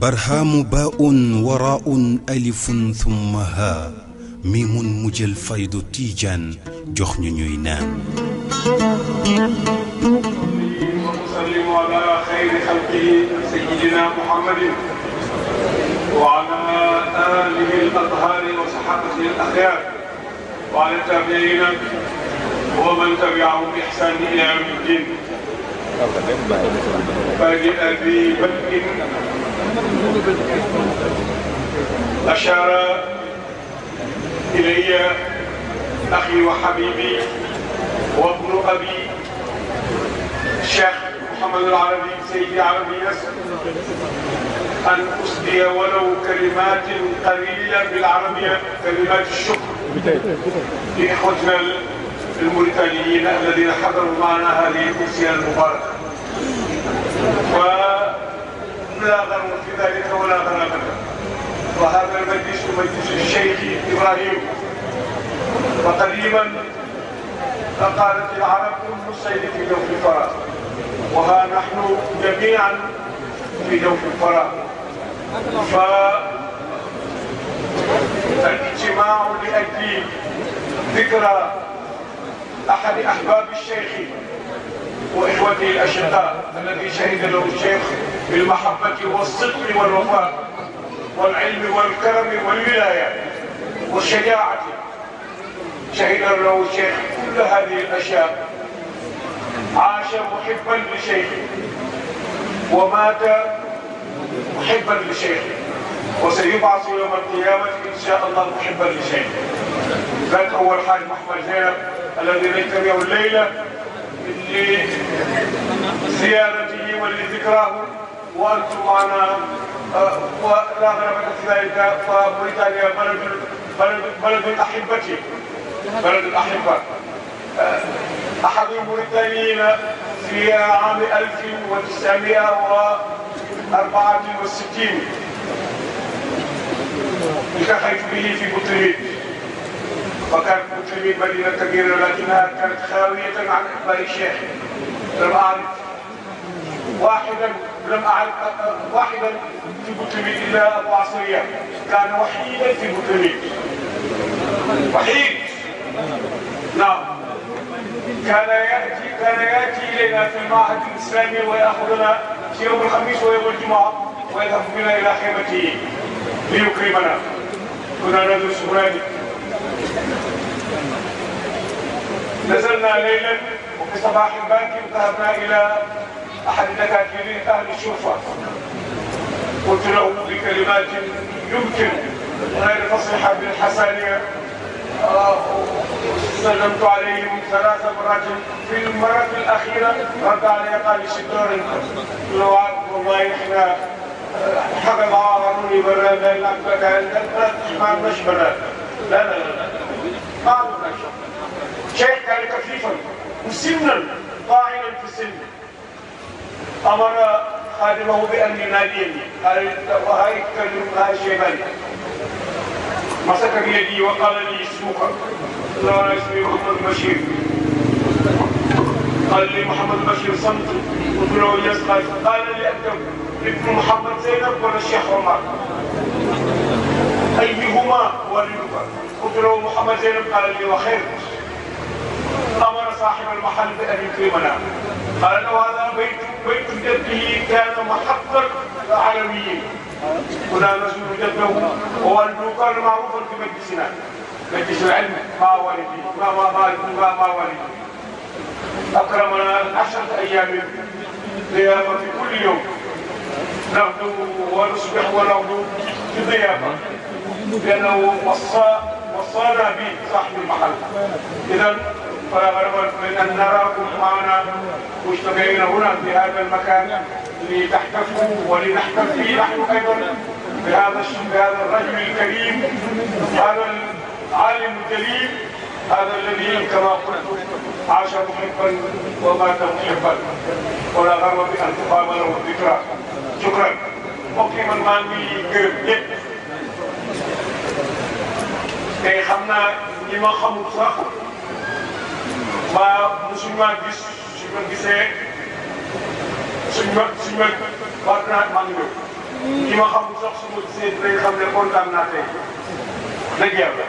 برهام باء وراء ألف ثم ها ميم مجل فيض تيجان جخن نينان وسلم على خير خلقه سيدنا محمد وعلى آله الأطهار وصحابته الأخيار وعلى التابعين ومن تبعهم بإحسان إلى يوم الدين فلأبي بكر أشار إلي أخي وحبيبي وابن أبي الشيخ محمد العربي سيدي عربي ياسر أن أسدي ولو كلمات قليلة بالعربية كلمات الشكر لإخوتنا الموريتانيين الذين حضروا معنا هذه الأمسية المباركة ولا غرو في ذلك ولا غرابة وهذا المجلس مجلس الشيخ إبراهيم وقديما فقالت العرب كل الصيد في جوف الفراغ وها نحن جميعا في جوف الفراغ ف الاجتماع لأجل ذكرى أحد أحباب الشيخ وإخوته الأشقاء الذي شهد له الشيخ بالمحبة والصدق والوفاء والعلم والكرم والولاية والشجاعة شهد له الشيخ كل هذه الأشياء عاش محبا لشيخه ومات محبا لشيخه وسيبعث يوم القيامة إن شاء الله محبا لشيخه ذات أول حاج محمد زينب الذي نجتمع الليلة لزيارته ولذكراه وأنتم معنا آه، ولا غرابة في ذلك فموريتانيا بلد بلد بلد الأحبة بلد الأحبة آه، أحد الموريتانيين في عام 1964 التحيت به في بطريق وكانت مسلمين مدينة كبيرة لكنها كانت خاوية عن إخبار الشيخ لم أعرف واحدا لم أعرف واحدا في مسلمين إلا أبو عصرية كان وحيدا في مسلمين وحيد نعم كان يأتي كان يأتي إلينا في المعهد الإسلامي ويأخذنا في يوم الخميس ويوم الجمعة ويذهب بنا إلى خيمته ليكرمنا كنا ندرس هنالك نزلنا ليلا وفي صباح البنك ذهبنا إلى أحد دكاترين أهل الشوفة قلت له بكلمات يمكن غير فصيحة بالحسانية سلمت عليهم ثلاث مرات في المرة الأخيرة رد علي قال شكرا لو والله احنا حكم عاروني برا لا لا لا لا لا لا لا لا قالوا لا شيء كان كثيفا مسنا طاعنا في السن امر خادمه بان يناديني قال وهاي كلمه شيبان مسك بيدي وقال لي اسمك قال انا اسمي محمد بشير قال لي محمد بشير صمت قلت له يسقط قال لي انت ابن محمد زينب ولا الشيخ عمر أيهما ولدك قلت له محمد زينب قال لي وخير أمر صاحب المحل بأن يكرمنا قال له هذا بيت بيت جده كان محقا علويا هنا نزور جده هو كان معروفا في مجلسنا مجلس العلم ما والدي ما ما والدي ما ما والدي أكرمنا عشرة أيام ضيافة كل يوم نغدو ونصبح ونغدو في ضيافة لانه وصى وصانا به صاحب المحل اذا فالغرض من ان نراكم معنا مجتمعين هنا في هذا المكان لتحتفوا ولنحتفي نحن ايضا بهذا بهذا الرجل الكريم هذا العالم الجليل هذا الذي كما قلت عاش محبا ومات محبا ولا غرض بأن تقابله الذكرى شكرا وقيما ما في te xam naa ñi ma xamul sax ba suñ ma gis suñ ma gisee suñ ma suñ ma war naa maa ngi ñëw hmm. ñi ma xamul sax su ma gisee dinañ xam ne kontaan naa tey dëgg yàlla.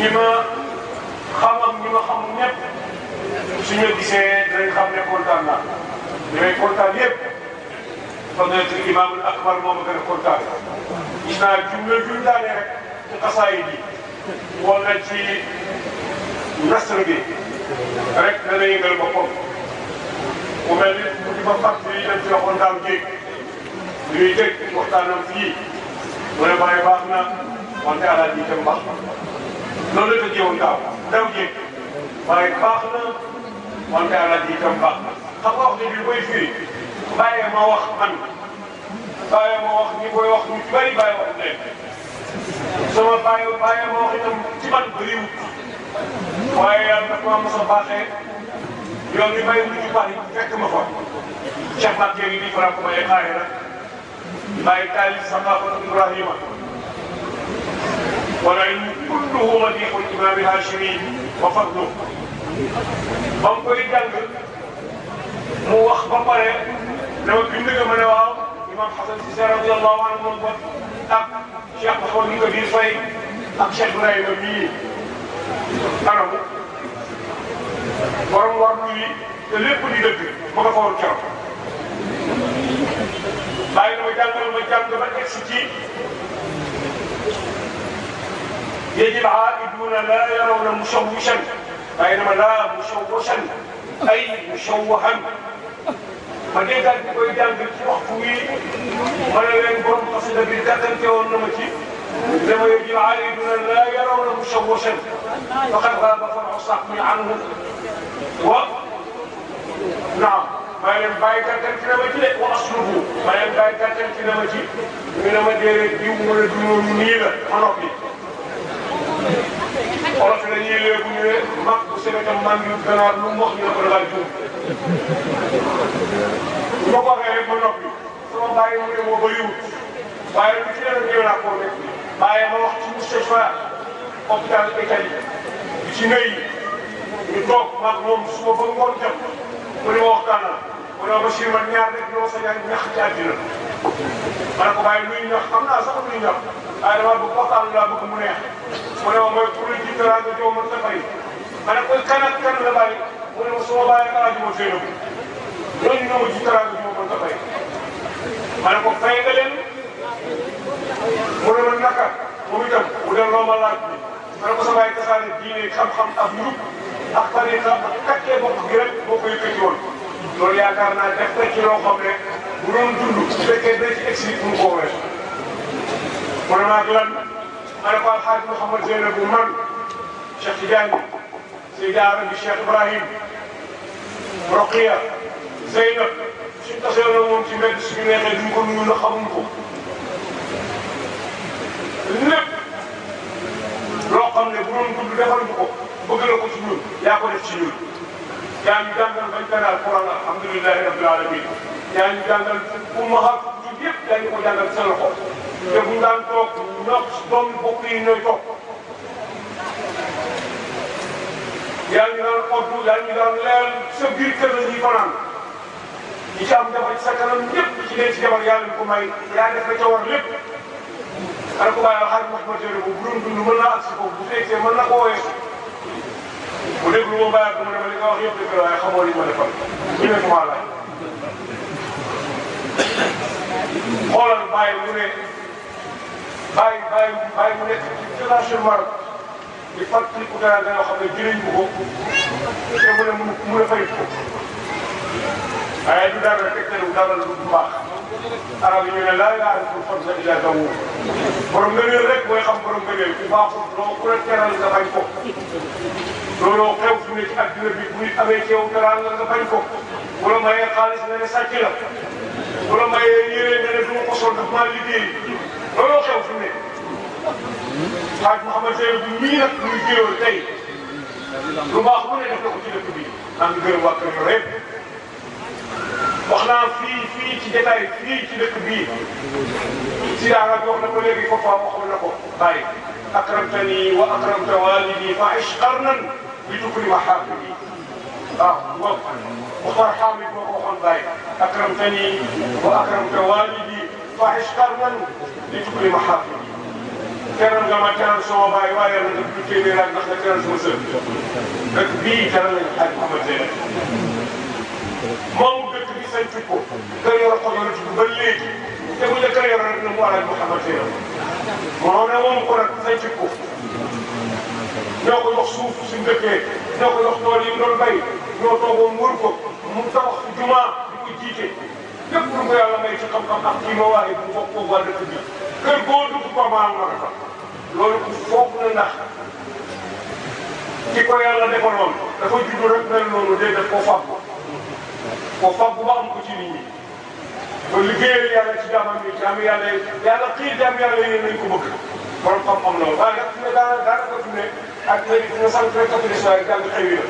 ñi ma. xam-xam ñi ma xamul ñëpp su ñu gisee xam ne kontaan naa li may kontaan yëpp fadlatul imaamul akbar moo ma gën a kontaan gis naa jumla juñ daane rek ci xasaayid yi wala ci nasr bi rek dana yëngal boppam ku mel ni bu di ma fàttali dañ ci waxoon daaw jéeg li muy dégg waxtaanam fii mu baax na wante alal ji itam baax loolu la jiwoon daaw daaw jéeg waaye baax na wante ala ji itam baax na xam nga wax dëgg yu koy firi bàyyee ma wax man bàyyee ma wax ñi koy wax ñu ci bëri bàyyi wax leen sama bàyyi bàyyee ma wax itam ci man bëriwul waaye yàlla nag maa mos a baaxee yoon bi bàyyi lu ci bari fekk ma fa Cheikh Mbacke yi di faram ko may xaaree nag bàyyi taalif Samba Ibrahima. والعلم كله وديق الامام الهاشمي وفضله من كل جنب مو اخبر لو كنت كنا يوم امام حسن سيسير رضي الله عنه من قد اب شيخ محمد بن كبير فاي اب شيخ ابراهيم النبي ارم ورم ورمي لepp di deug ma ko war ci bayina ma jangal ma jang ba ex ci يجب عائدون لا يرون مشوشا بينما لا مشوشا اي مشوها فجيت انت قلت انت تروح ولا ينكر قصد بالذات انت والنمتي لما يجب عائدون لا يرون مشوشا فقد غاب فرع صاحبي عنه و نعم ما ينبغي كاتل كلمة وأصله ما ينبغي كاتل كلمة من مدير الدين والدين والنيل أنا فيه olof yi dañuy léegi ñu ne mag bu sëbëtam man yu ganaar lu mu wax ñu ne ko dafay juum. bu ma ko waxee rek ba noppi sama bàyyi mu ne moo bëriwul waaye lu ci demee ñëw naa ko rek bàyyi ma wax ci Moustapha hôpital Italie bi ci ngay ñu toog mag moom suba ba ngoon jot mu ne ma waxtaan mu ne ko si man ñaar rek ñoo sañ ak ñax ci ma ne ko bàyyi luy ñax xam naa sax luy ñax mu neex mu ne ma mooy pour la jiite rajo joo mën ta fay ma ne ko kan la bàyyi mu ne ma su ma bàyyi rajo ma fay nëbb loolu ñoo ma jiite rajo joo mën ma ne ko fay nga leen mu ne ma naka mu dem loo ma ne ko sa bàyyi tasaare diine xam-xam ak njub ak tariqa ak kakkee bopp gi rek boo ko yëkkati woon loolu yaakaar naa def na ci loo xam ne bu doon dund su fekkee dina ci egsi pour koo weesu. mu ne maag lan ma ne ko alxaaj Mouhamad Zeynab bu man Cheikh Tidiane Seydi Arab bi Cheikh Ibrahim Roqiya Zeynab suñ tasee la moom ci mbedd suñu neexee duñ ko nuyu na xamuñ ko. lépp loo xam ne bu doon dund defal ko bëgg na ko ci ñun yaa ko def ci ñun. Yani güzelden bölgeler Kur'an'a hamdülillahi rabbil alemin. Yani güzelden bu mahak gidip yani yandan sınıf olsun. Ve bundan çok naks don bokuyunu çok. Yalnızlar odu, yalnızlarlar sevgili kırmızı falan. İki amca bak sakalım yıp, iki de içine var yarın kumay, kaça var yıp. Arkadaşlar her muhtemelen bu burun bunu bana atsın, bu zekse bana koyuyor. mu déglu ba baax mu ne ma li nga wax yëpp dëgg la waaye xamoo li ma defal ñu ne maa laaj xoolal bàyyi mu ne bàyyi bàyyi bàyyi mu nekk ci relation Maroc di fàttali ku dara nga xam ne jëriñ bu ko te mu ne mu ne fay ko waaye du dara rek tegtal dara lu baax arab yi ñu ne laa ilaha illa fadla illa dawu borom ngëneel rek mooy xam borom ngëneel ku baaxul doo ku la teral nga bañ ko looloo xew fi mu ne ci adduna bi bu nit amee ci yow daraan la nga bañ ko bu la mayee xaalis nga ne sàcc la bu la mayee yére nga ne du ma ko sol daf maa liggéey looloo xew fi mu ne xaaj Mouhamed Seye bu mii nag muy jéewoon tey lu baax mu ne def na ko ci dëkk bi maa ngi gërëm waa kër yëpp wax naa fii fii ci détail fii ci dëkk bii si daara bi wax na ko léegi foofa waxoon na ko bàyyi اكرمتني واكرمت والدي فعش قرنا بذكر محافلي اه وطر حامد وروح ضايق اكرمتني واكرمت والدي فعش قرنا بذكر محافلي كرم كما كان سوى باي واي من الكاميرات نحن كرم مسلم بكبي كرم الحاج محمد زينب مو بكبي سيفكو كرم رقم يقول لك كرم رقم محمد زينب moo ne moom ko nag say jikko ñoo ko jox suuf suñ dëkkee ñoo ko jox tool yi mu doon bay ñoo toogoon wër ko mu tabax jumaa di ko jiite lépp lu ko yàlla may ci xam-xam ak kii ma waaye bu bokk koo waa dëkk bi kër goo dugg ko maam ma nga fa loolu ku foog na ndax ki ko yàlla defaloon dafa judd rek mel noonu day def koo fàggu koo ba am ko ci nit ñi ba liggéeyal yàlla ci jaamam bi jaam yàlla yi yàlla xiir jaam yàlla yi nañ ko bëgg borom xam-xam la waaye nag fi ne daana daanaka fi ne ak léegi dina sant rek katolis waaye jàng xëy wi la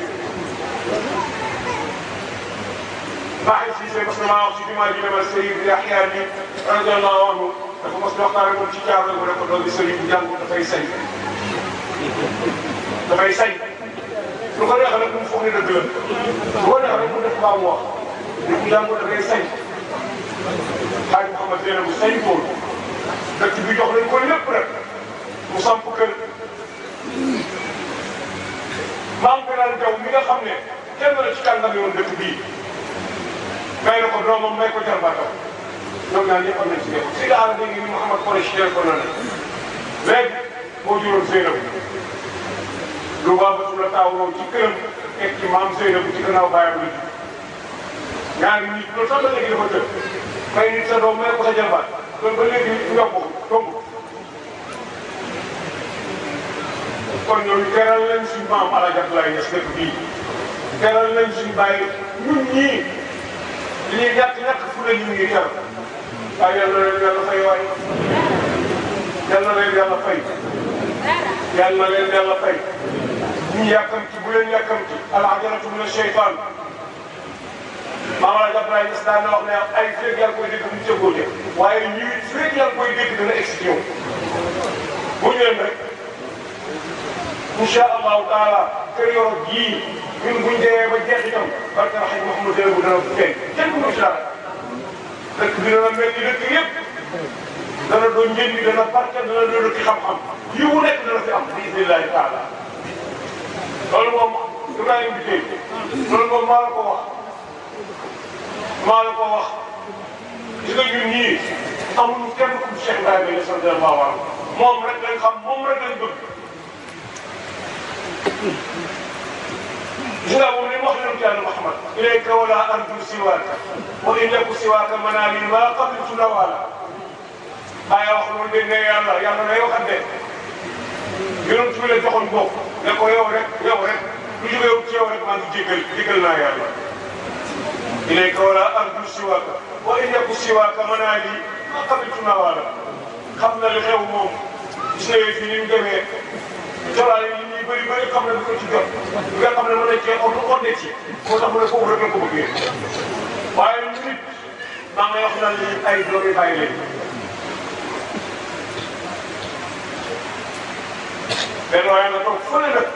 baaxee si see parce que maa wax si jumaa ji demal Seyid Yaxya bi radiallahu anhu dafa mos waxtaan ak moom ci jaam bu ne ko doon di sëriñ jàng dafay say dafay say lu ko neexal nag mu foog ne dëgg la lu ko neexal nag mu def baamu wax ne ku jàng dafay say xaaj Mouhamad nee na mu saytuwoon dëkk bi jox lañ ko lépp rek mu samp kër maam Galaane mi nga xam ne kenn la ci kàngam yoon dëkk bii may na ko doomam may ko jarbaatam ñoom ñaar ñëpp am nañ ci nekk si la àll bi ngi ni Mouhamad Quraysh teel ko na ne léegi moo juróom Zeynab lu baabatul la taawuloo ci këram teg ci maam Zeynab ci gannaaw bàyyam la ñaari nit loolu sax ba léegi dafa tëb may nit sa doom may ko sa jarbaat loolu ba léegi yokku tomb kon ñooñu teral leen suñu maam ala jàppalaay ñes dëkk bii teral leen suñu bàyyi ñun ñii li ñuy ñàkk ñàkk fu ne ñu ngi teral waaye yàlla na leen yàlla fay waay yàlla na leen yàlla fay yàlla na leen yàlla fay ñu yàkkamti bu leen yàkkamti al ajaratu min ash-shaytaan maanaam Abdoulaye Niass daan na wax ne ay fekk yaa ngi koy dégg duñ ca koo jëf waaye ñuy fekk yaa ngi koy dégg dina expliqué wu. bu ñëwee nag incha allahu taala kër Yoro gii ñun buñ demee ba jeex itam barke wax ak Mouhamadou Deme bu dana feeñ kenn ku ci dara dëkk bi dana mel ni dëkk yëpp dana doon njënd dana barke dana doon ci xam-xam yi wu nekk dana fi am bi isnillahi taala loolu moom Ibrahima bi tey loolu moom maa la ko wax. maa la ko wax gis nga ñun ñii amul kenn ku Cheikh Ibrahima la sant la baaw moom rek lañ xam moom rek lañ bëgg. gis nga moom li mu wax leen ci Yàlla Muhammad ilayka wala arju siwaaka wa in yaku siwaaka manaali maa qabiltu nawaala bàyyi wax loolu dégg nga yàlla yàlla day waxat de yonent bi la joxoon bokk ne ko yow rek yow rek lu jógee ci yow rek maa ngi jéggal jéggal naa yàlla. إليك ولا أرجو سواك وإن يكن سواك منالي ما قبلت نوالا قبل الغيوم سيدي في الجميع jolaale yi ñuy bëri bëri xam nañ ko ci jot bi nga xam ne mën nañ cee on onde ci moo tax mu ne foofu rek la ko bëggee waaye nit maa ngi wax naan lii ay doomi bàyyi leen benn waaye nga toog fële nag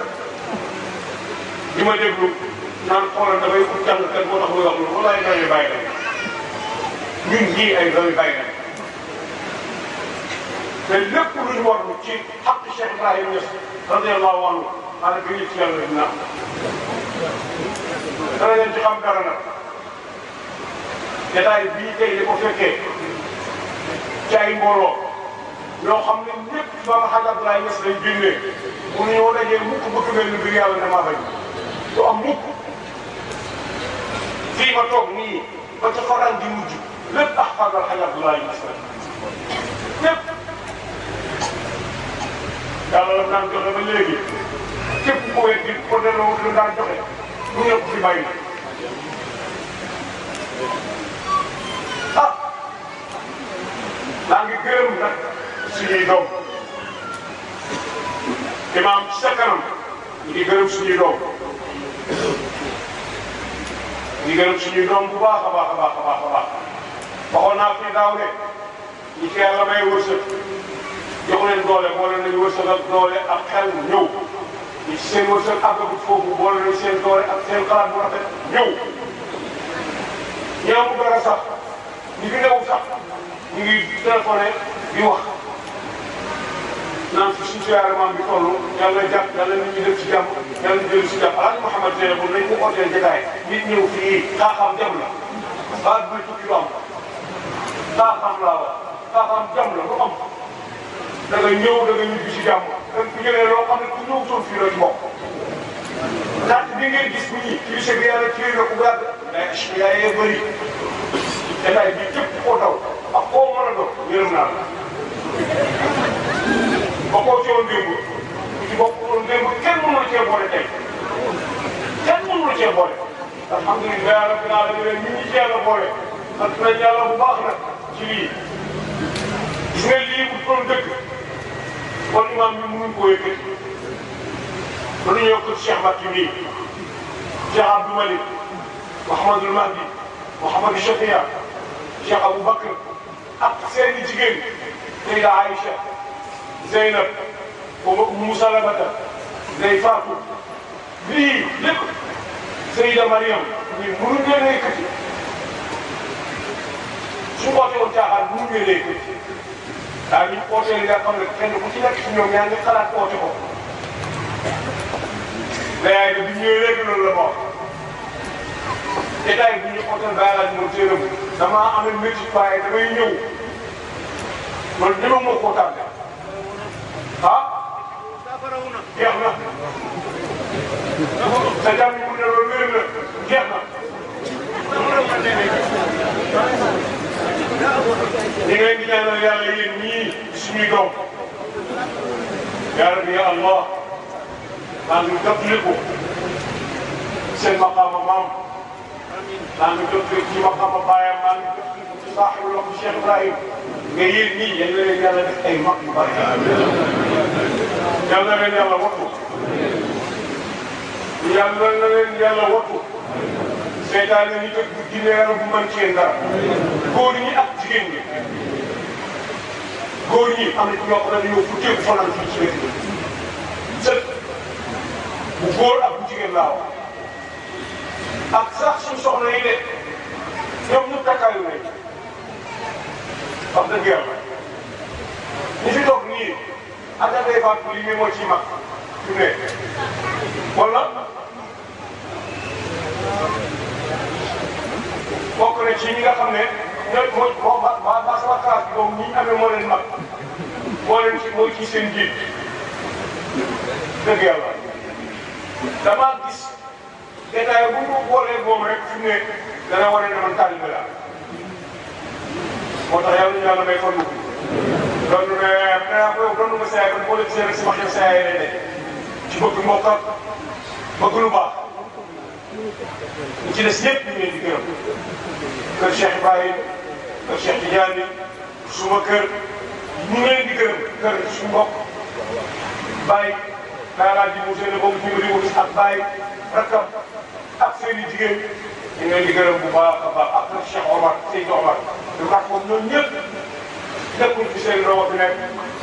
di ma déglu naan xoolal dafay ut jàngkat moo tax muy wax loolu walaay ndaw yi bàyyi nañu ñun ñii ay ndaw yi bàyyi nañu te lépp lu ñu war ci xaq Cheikh Ibrahima Niass radiyallahu anhu maanaam bi ñu ci yàlla dina am. dana leen ci xam dara nag jotaay bii tey di ko fekkee ci ay mbooloo yoo xam ne ñëpp maam El Hadj Abdoulaye Niass lay génnee bu ñu ñëw dajee mukk bëgg mel ni biir yàlla damaa bañ du am mukk. fii ma toog nii ba ci xoraan di mujj lépp ax fagal xayaatulaayu masal lépp yàlla la daan joxe ba léegi képp ku wet bi ko delloo lu daan joxe bu ñëpp ci bàyyi ah maa ngi gërëm nag suñuy doom imaam ci di gërëm suñuy doom bu baax a baax a baax a baax a baax waxoon naa fi daaw de ñi fi yàlla may wërsëg jox leen doole boole nañu wërsëg ak doole ak xel ñëw ñi ci seen wërsëg àggagut foofu boole nañu seen doole ak seen xalaat bu rafet ñëw ñi amul dara sax ñi fi newul sax ñu ngi téléphoné di wax naan fi suñu suyaare maam bi toll yàlla jàpp yàlla nit ñi def ci jàmm yàlla jël ci jàmm alaaji Mouhamed nee na bu nañ ko ootee jotaay nit ñëw fii taaxaam jàmm la baat buy tukki lu am taaxaam laa wax taaxaam jàmm la lu am da nga ñëw da nga ñibbi ci jàmm kon bu ñëwee loo xam ne ku ñëw toog fii la ci bokk date bi ngeen gis bu ñii kii chef yàlla kii la ku gàdd mais yaayee bëri jotaay bi képp koo daw ak koo mën a doon yërëm naa la bokkoo ci woon démb ku ci bokkul woon démb kenn mënul cee boole tey kenn mënul cee boole alhamdulilah rabbil alamin ñu ngi ci yàlla boole sant nañ yàlla bu baax nag ci lii gis nga lii bu doon dëkk kon imaam bi mënuñ koo yëkkati mënuñu yokk Cheikh Bakki bii Cheikh Abdou Malik Mouhamadul Mahdi Mouhamadou Chafia Cheikh Abou Bakr ak seeni jigéen Seyda Aïcha Zeynab booba Umu Salamata Ndey Faatu lii lépp Seyda Mariam ñun mënuñ leen a yëkkati su oote woon caaxaan mënuñ leen a yëkkati daa ñu oote li nga xam ne kenn ku ci nekk si ñoom yaa ngi xalaat oote ko. mais yaay bi ñu ñëwee léegi loolu la ma wax état yi bu ñu oote bàyyi laa ñu mën téeram damaa amee métti waaye damay ñëw man ni ma moo ko tàmbali. ah. jeex na. sa jàmm mu ne loolu wér na jeex na. ñu ngi leen di ñaanal yàlla yéen ñii suñuy doom. yaa rabbi ya allah maa ngi jotaliku seen maqaama maam maa ngi jotaliku ci maqaama baayam maa ngi jotaliku ci saaxibu loxo Cheikh Ibrahim nga yéen ñii yéen la leen yàlla def ay mag yu bari yàlla na leen yàlla wattu yàlla na leen yàlla wattu seytaane ni tëg bu bu man cee dara góor ñi ak jigéen ñi góor ñi am na ci ñoo xam ne dañoo futteeku fanaan ci wet bi sët góor ak bu jigéen ak sax suñ soxna yi de ñoom ñu takkaayu nañ wax dëgg yàlla ñi fi toog nii attendez ba li ñu moo ci mag su ne wala bokk na ci ñi nga xam ne ñooy mooy boo ba ba sama classe bi moom ñi amee moo leen mag moo leen ci moo ci seen jiit dëgg yàlla damaa bu ñu boolee moom rek la moo tax loolu danaa ko loolu si wax yow saa yi lay nekk ci bëgg mbokkam bëgg ci des ñëpp ñu ngi leen di kër Cheikh Ibrahim kër Cheikh Tidiane suma kër ñu ngi leen di gërëm kër suñu mbokk Baye Daara ji mu seen a boobu ñu ngi ak Baye rakkam ak seen i jigéen ñu ngi leen di gërëm bu baax a baax ak Cheikh Omar Omar lu tax moom nekkul ci seen roo bi nekk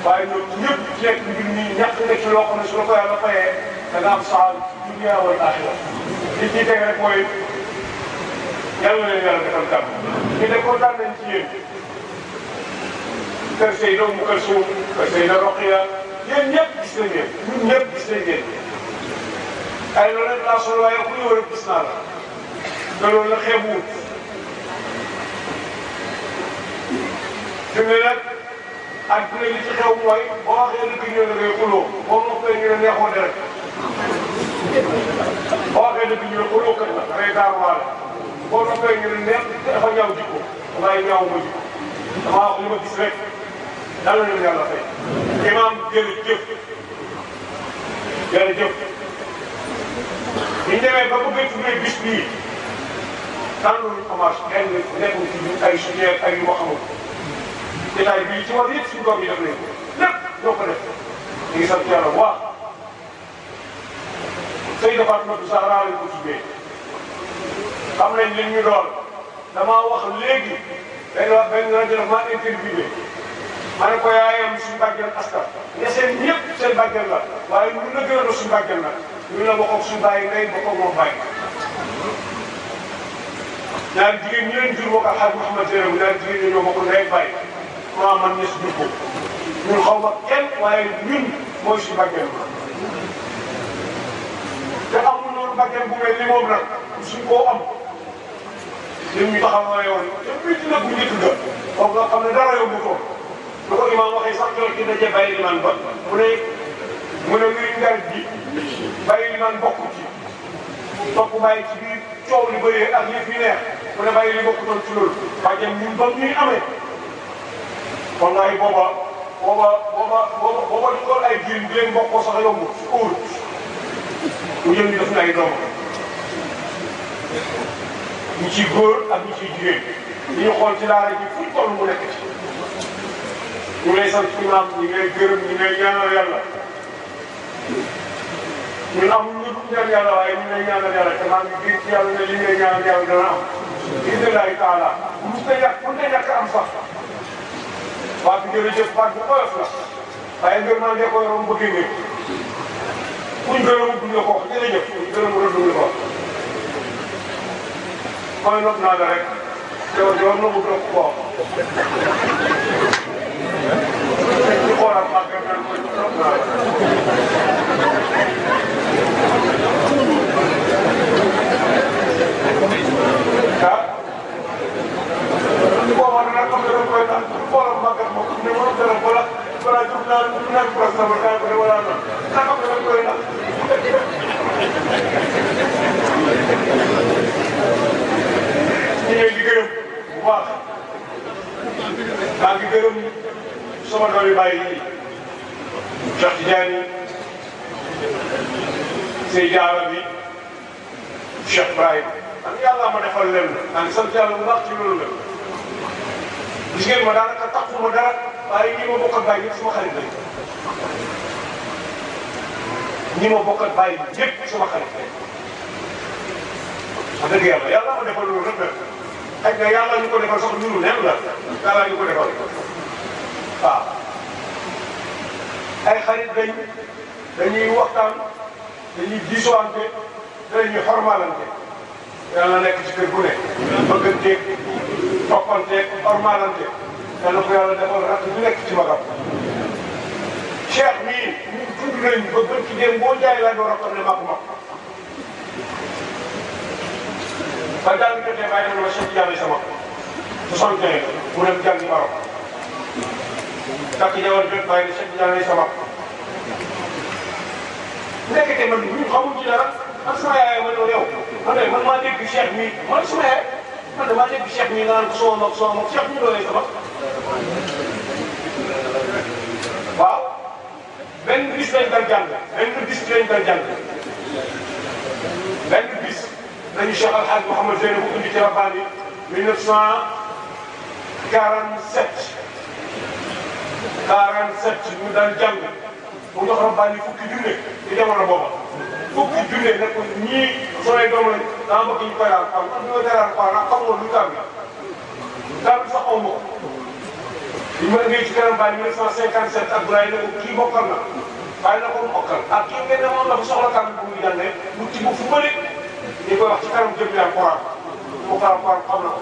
waaye ñoom ñëpp nekk mbir mi ñàkk na ci loo xam ne su la ko yàlla fayee da nga am saal ci dunya wal axira li ciy teg rek mooy yàlla leen yàlla defal jàmm ñu ne kontaan nañ ci yéen kër Seyda Umu Kalsum kër Seyda Roqiya yéen ñëpp gis nañ leen ñun ñëpp gis nañ leen ay loolu rek laa solo waaye ku ñëw rek gis naa la te loolu la xeebuwul fi mu ne nag adduna li ci xew mooy boo waxee lu ñëw da ngay xuloo moom moo koy ñu ne neexoo dara boo waxee lu ñëw xuloo kat la dangay gaaw waale boo moo koy ñu ne neex dafa ñaaw jikko waaye ñaaw ma jikko damaa wax li ma gis rek dal na yàlla fay imaam jërëjëf jërëjëf ñu demee ba bëgg a tuddee bis bii tànn nañu hommage kenn nekk ci ay suñu ay yu ma xamul jotaay bii ci wàll yëpp suñu doom yi def nañu lépp ñoo ko def ñu ngi sant yàlla bu baax Seyda Fatimatu Zahra lañ ko tuddee xam nañ li ñu doon damaa wax léegi benn wax benn rajo daf maa interviewé ma ne ko yaayam suñu bàjjen askan ne seen ñëpp seen bàjjen la waaye ñun la gën a doon suñu bàjjen la ñu la bokk ak suñu bàyyi ndey bokk ak moom bàyyi ñaari jigéen ñi leen jur bokk ak xaaj Mouhamad Diarra ñaari jigéen ñi ñoo bokk ndey bàyyi maa man ñes jur ko ñun xaw ma kenn waaye ñun mooy si bàggeel ma te amul noonu bàggeel bu mel ni moom nag suñ koo am li ñu taxawaaye woon te métti na bu njëkk ga foog nga xam ne dara yombu ko lu ko imaam waxee sax ñoo ci daje bàyyi liman ba mu ne mu ne luy ngar ji bàyyi liman bokku ci topp bàyyi ci biir coow li bëree ak li fi neex mu ne bàyyi li bokkutoon ci loolu waaye ñun ba ñuy amee wallaay booba booba booba booba booba ñu doon ay diin diin mbokkoo sax yombul su ko wut mu yëngu def na ay doom ñu ciy góor ak ñu ciy jigéen li ñu xool ci daara ji fu ñu toll mu nekk ci. ñu ngi lay sant imaam ñu ngi lay gërëm ñu ngi lay ñaanal yàlla ñun amul lu dul ñaan yàlla waaye ñu ngi lay ñaanal yàlla te maa ngi gis yàlla ne li ñu lay ñaanal yàlla dana am. incha allah taala mu ngi koy yàq mu ngi koy yàq am sax. waa bi jërëjëf baat bu oyof la waaye ngërmande koy romb bëgg ngeen kuñ gërëm duñ la ko wax jërëjëf kuñ gërëm duñ la ko wax mooy nopp naa la rek yow yow nopp doog ko wax ci xoolal maa gën naan mooy nopp naa la ah. su boobaa nag xam nga dañ koy tax xoolal màggat moom ne moom dara wala wala jub naan jub naan ko sama kaay ko ne wala naan ndax xam nga koy naan. ñu ngi leen di gërëm bu baax maa ngi gërëm sama doole bàyyi yi jox ci jaani say jaara bi Cheikh Ibrahim. am yàlla ma defal leen la. maa ngi sant yàlla bu baax ci loolu la. gis ngeen ma daanaka takku ma dara waaye ñi ma bokk ak bàyyi yëpp suma xarit lañ ñi ma bokk ak bàyyi yëpp suma xarit lañ wax dëgg yàlla yàlla ma defal loolu rek nag xëy na yàlla ñu ko defal sax ñun neen la yàlla ñu ko defal waaw ay xarit dañ dañuy waxtaan dañuy diisoante dañuy xormaalante yàlla nekk ci kër bu ne bëgganteeg toppante ormalante dana ko yàlla defal rat bu nekk ci magam cheikh mii ñu tudd nañ ba bët ci dem boo jaay laa door a xam ne màkk màkk ba jàng jotee bàyyi dama cheikh Tidiane sama soixante-quinze mu dem jàngi Maroc takk jawar jot bàyyi cheikh Tidiane sama nekkte man ñun xamul ci dara man sama yaay ma ne yow man man maa dégg cheikh mii man sama هذا ما لك الشيخ ميلان قصوم قصوم الشيخ ميلان يضرب waaw benn bis lañ koy jàng benn bis lañ koy jàng benn bis dañu Cheikh Al Hadj Mouhamed Zeynab bu indi ci Rabbani 1947 47 ñu daan jàng mu jox Rabbani fukki junne ci jamono booba fukki junne ne ko ñii sooy doom lañ sama mbokk yi ñu koy daal xam ñu koy daal quoi ndax xam nga lu taw bi taw bi sax aw ma ko. li ma indee ci kanam bàyyi 1957 ak Boulaye ne ko kii bokkal na bàyyi na ko mu bokkal ak kii ngeen ne moom dafa soxla kàddu bu muy jàllee mu tibb fu bëri ñu koy wax ci kanam jëm yaa Koraan bokkal Koraan xam na ko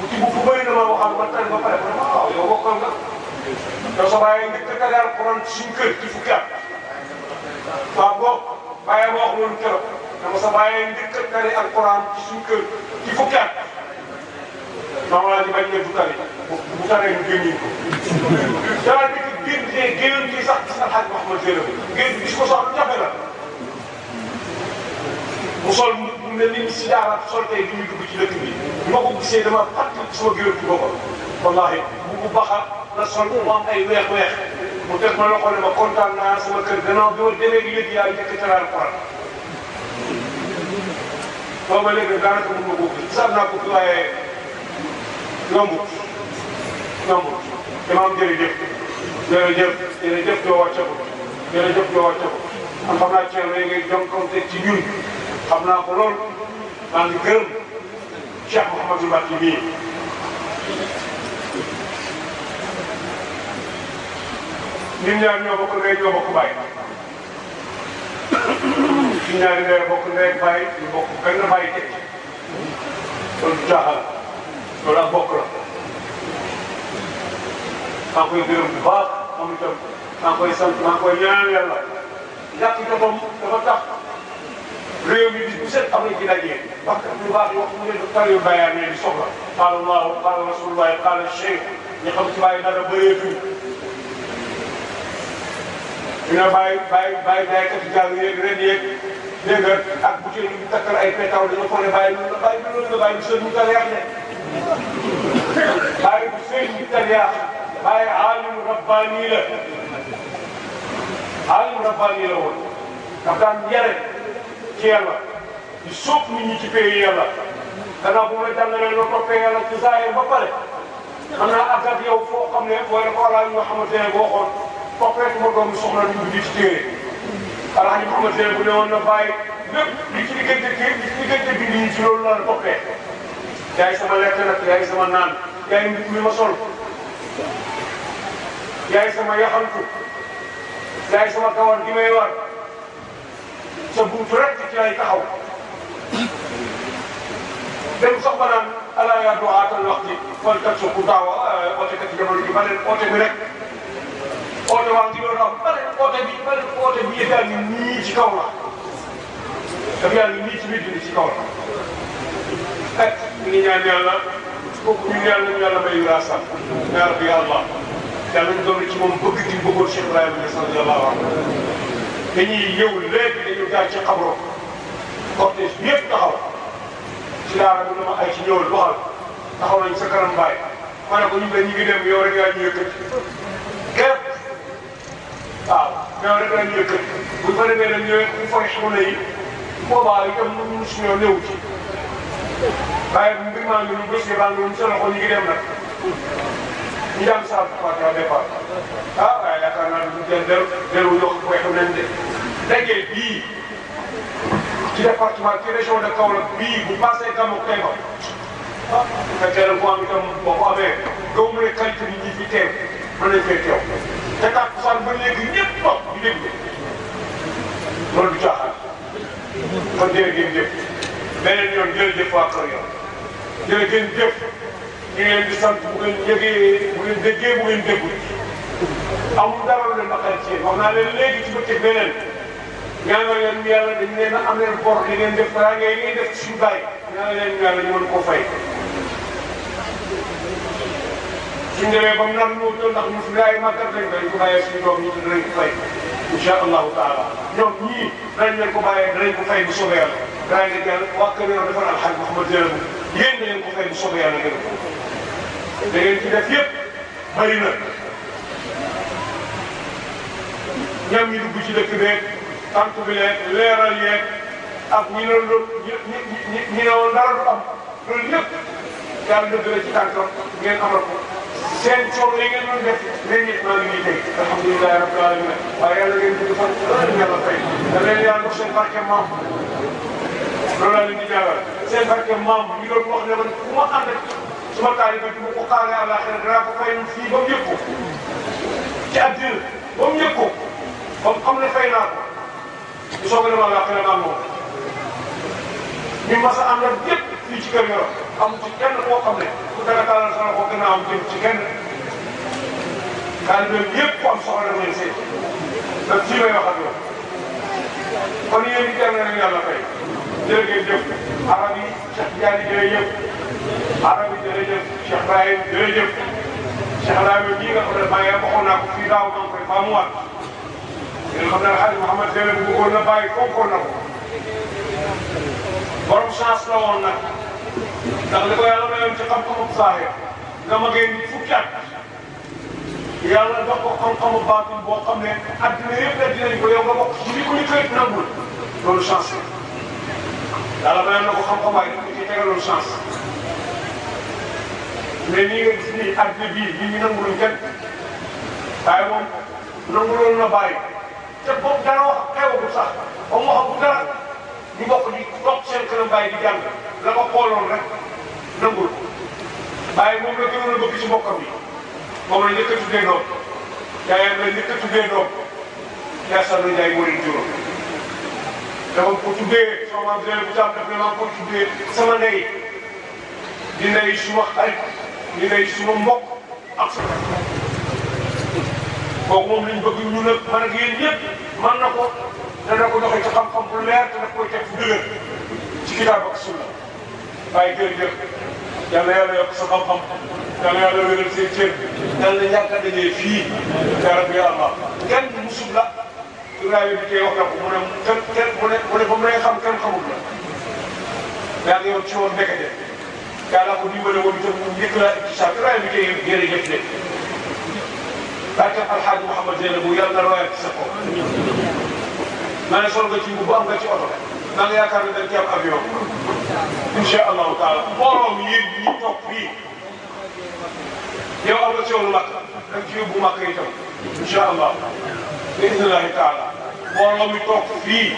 mu tibb fu bëri na ma waxal man tànn ba pare ma waaw yow bokkal na yow sa bàyyi njëkk a daal Koraan ci suñu kër ci fukki at waaw boobu bàyyi ma wax loolu keroog. dama sa bàyyi njëkk tari alquran ci suñu kër ci fukki at maman laa ji bañ ne bu tari bu taree ñu génn ko. daanaka génn génn génn ci sax gis alxaj Mouhamad Dieng génn gis ko soxla jafe la mu sol mu ne ni si daara sol tey bi muy dugg ci dëkk bi bu ma ko gisee dama fàttali sama gërëm ci boppam wallaahi bu bu baax a la sol mu am ay weex-weex mu teg ma loxo ne ma kontaan naa sama kër gannaaw bi ma demee di léegi yaa njëkk tari alquran boobu ba léegi daanaka mën nga ko ubbi sax naa ko fi waaye yombut yombut dama am jërëjëf jërëjëf jërëjëf joo wàcce ko jërëjëf joo wàcce ko man xam naa Thierno yi ngay jonkonte ci ñun xam naa ko lool maa ngi gërëm Cheikh Mouhamadou Mbacke bii ñun ñaar ñoo bokk ñoo bokk bàyyi suñ ñaari weer bokk nawet bàyyi ñu bokk benn bàyyi teg loolu du caaxaan loolu ak bokk la. maa ngi koy gërëm bu baax moom itam maa ngi koy sant maa ngi koy ñaan yàlla ñàkk jomam dafa tax réew mi bis bu set am na ci daje parce que lu baax wax mu ne tari bayaane di soxla qaala allahu qaala rasulullahi qaala cheikh ñu xam ci bàyyi dara bëreetul dina bàyyi bàyyi bàyyi jaaykat yi jàng yeeg ren yeeg dégg nga ak bu ci ñu takkal ay pétaw dañoo foog ne bàyyi lu la bàyyi ne bàyyi bu sëriñ bi tariyaax bàyyi rabbaani la alim rabbaani la woon daf daan yare ci yàlla di sóob nit ñi ci pay bu ma jàngalee loo toppee yàlla ci saa ba pare xam naa àgg ak yow foo xam ne booy na ko alaay nga xamante ne boo xool toppee ma doomu soxla ñu ngi ci téere alhaji Mouhamed Seye bu ne woon na bàyyi lépp li ci diggante kii li ci diggante bi nii ci loolu la bokkee yaay sama lekk nag yaay sama naan yaay nit mi ma sol yaay sama yaxantu yaay sama kawar gi may war sa bunt rek ci lay taxaw dem sax ba naan ala yaa du aatal waxtu fan kat sa ku daaw oote kat jamono ji ba leen oote bi rek. O Orada var diyorum, orada bir, orada bir yeter bir niye çıkamam. Yani hiç bir türlü çıkamam. Hep milyarlarla, bu milyarlarla beylersen, Ya Rabbi Allah. yàlla doon ci moom bëgg di bëggoon Cheikh Ibrahima Niass radiyallahu anhu dañuy ñëw léegi dañu daal ci xabro cortège bi yëpp taxaw ci daara bi dama ay ci ñëwal waxal taxaw nañ sa kanam bàyyi ma ne ko ñu ngi ñoom rek lañ yëkkati bu ñu ko defee nag ñooy foy soxna yi boobaa itam ñun suñoo néew ci waaye mbir maa ngi doon dossier baa ngi doon sa loxo ñu ngi dem nag ñu jàmm saa bu baax a départ ah waaye yaakaar naa ne bu ñu leen dellu dellu yokk koy xam nañ de daje bii ci département ci région de Kaolack bii bu passé Gamou tey ba ah bu fekkee ne bu am itam boo ko amee doomu ne qualité bi ñu fi teew mën nañ fee teew. te takkusaan ba léegi ñëpp toog di déglu loolu du caaxaan kon jërë ngeen jëf beneen yoon jërëjëf waa kër yoon di sant bu ngeen yëgee bu ngeen déggee bu ngeen déglu amul dara lu leen naqari ci yéen wax naa leen léegi ci bëccëg beneen ñaanal leen yàlla leen a am leen bor li ngeen ci suñu bàyyi ñaanal leen yàlla ñu mën fay. suñ demee ba mu nar ñu ñëw ndax ñun suñu ay màggat lañ koy bu bàyyee suñu doom ñu dinañ ko fay incha allahu taala ñoom ñii dañ leen ko bàyyee dinañ ko fay bu soobee yàlla. daañu leen yàlla waa Kër Yoro dafa naan xaj Mouhamed Dieng yéen da ngeen ko fay bu soobee yàlla gën a da ngeen ci def yëpp bëri na ñam ñu dugg ci dëkk beeg tant bi leeg leeral yeeg ak ñi ne loolu ñi ñi ñi ne woon dara du am loolu lépp yàlla dëgg la ci tànkam ngeen amal ko. seen coow li ngeen doon def léegi nit maa ngi ñuy dégg alhamdulilah rabbil alamin waaye yàlla ngeen dugg fan yàlla fay da leen yàlla dox seen barke maam loolu laa leen di jaawal seen barke maam ñu doon wax ne man ku ma ànd ak suma taaliba di ma ko xaale àllaaxira danaa ko fay fii ba mu yëg ko ci àddina ba mu yëg ko ba mu xam ne fay naa ko ñu soog a dem àllaaxira maam moom ñu mas a àndal yëpp fii ci kër Yoro amul ci kenn koo xam ne ku dara taalal sa loxo gannaaw jëm ci kenn taalibe yëpp ku am soxla daf leen seet daf ci may wax ak yow kon yéen itam ne leen yàlla fay jërë ngeen jëf arab yi Cheikh Diagne jërëjëf arab yi jërëjëf Cheikh Ibrahim jërëjëf Cheikh Ibrahim bii nga xam ne maa ngi waxoon naa ko fii daaw maa ngi koy baamuwaat yéen xam ne xaaj Mouhamed Délé bëggoon na bàyyi fonkoon na ko borom chance la woon nag ndax li ko yàlla mayoon ci xam-xamu saahir nga magee fukki at yàlla jox ko xam-xamu baatin boo xam ne addina yëpp la dinañ ko yow nga bokk ci ni ko ñu koy nangul loolu chance la yàlla mayoon na ko xam-xam waaye dafa ci tegaloon chance mais nii nga gis nii addina bii nit ñi nanguluñ kenn waaye moom nanguloon na bàyyi te boobu dara wax xewagul sax ba mu wax bu dara ñu bokk di kanam bàyyi di jàng la ma xooloon rek nangul bàyyi moom la gënoon a bëgg ci mbokkam yi moom la njëkk a tuddee doom la njëkk a tuddee yaa sànni Ndiaye moo leen juróom dama ko tuddee sama maam Jalle bu taam daf ne maa ko tuddee sama ndey di nay suma xarit di nay suma mbokk ak sama kooku moom lañ bëgg ñu nag man ak yéen ñëpp mën na ko dana ko doxee ci xam-xam bu leer dana ko teg fu dëgër kitaab ak sunna waaye jërëjëf yal na yàlla yokk sa xam-xam yal na yàlla wéral say cër yal na ñàkk a dajee fii yaa rabbi yaa allah kenn musul la Ibrahima bi tey wax na ko mu ne kenn kenn mu ne mu ne ba mu lay xam kenn xamul la yaa ngi yoon ci woon nekkate yàlla ko dimbale woon itam mu njëkk laa ibtisaam Ibrahima bi tey jërëjëf de barkeb alxaaji Mouhamad Zeynabou yàlla na royaat sa kaw ma ne sol nga ci bu am nga ci oto maa ngi yaakaar ne dañ ci am avion incha allahu taala borom yéen ñi toog fii yow am na ci yoonu màkk da ci yóbbu màkk itam incha allah bi idnillahi taala borom mi toog fii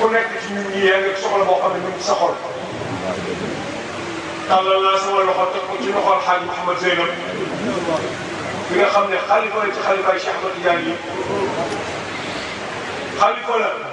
ku nekk ci ñun ñi yaa ngi soxla boo xam ne ñu ngi sa xol tàllal naa sama loxo teg ko ci loxol xaaj Mouhamed Zeynab bi nga xam ne xalifa la ci xalifaay Cheikh Ahmed Tidiane yi xalifa la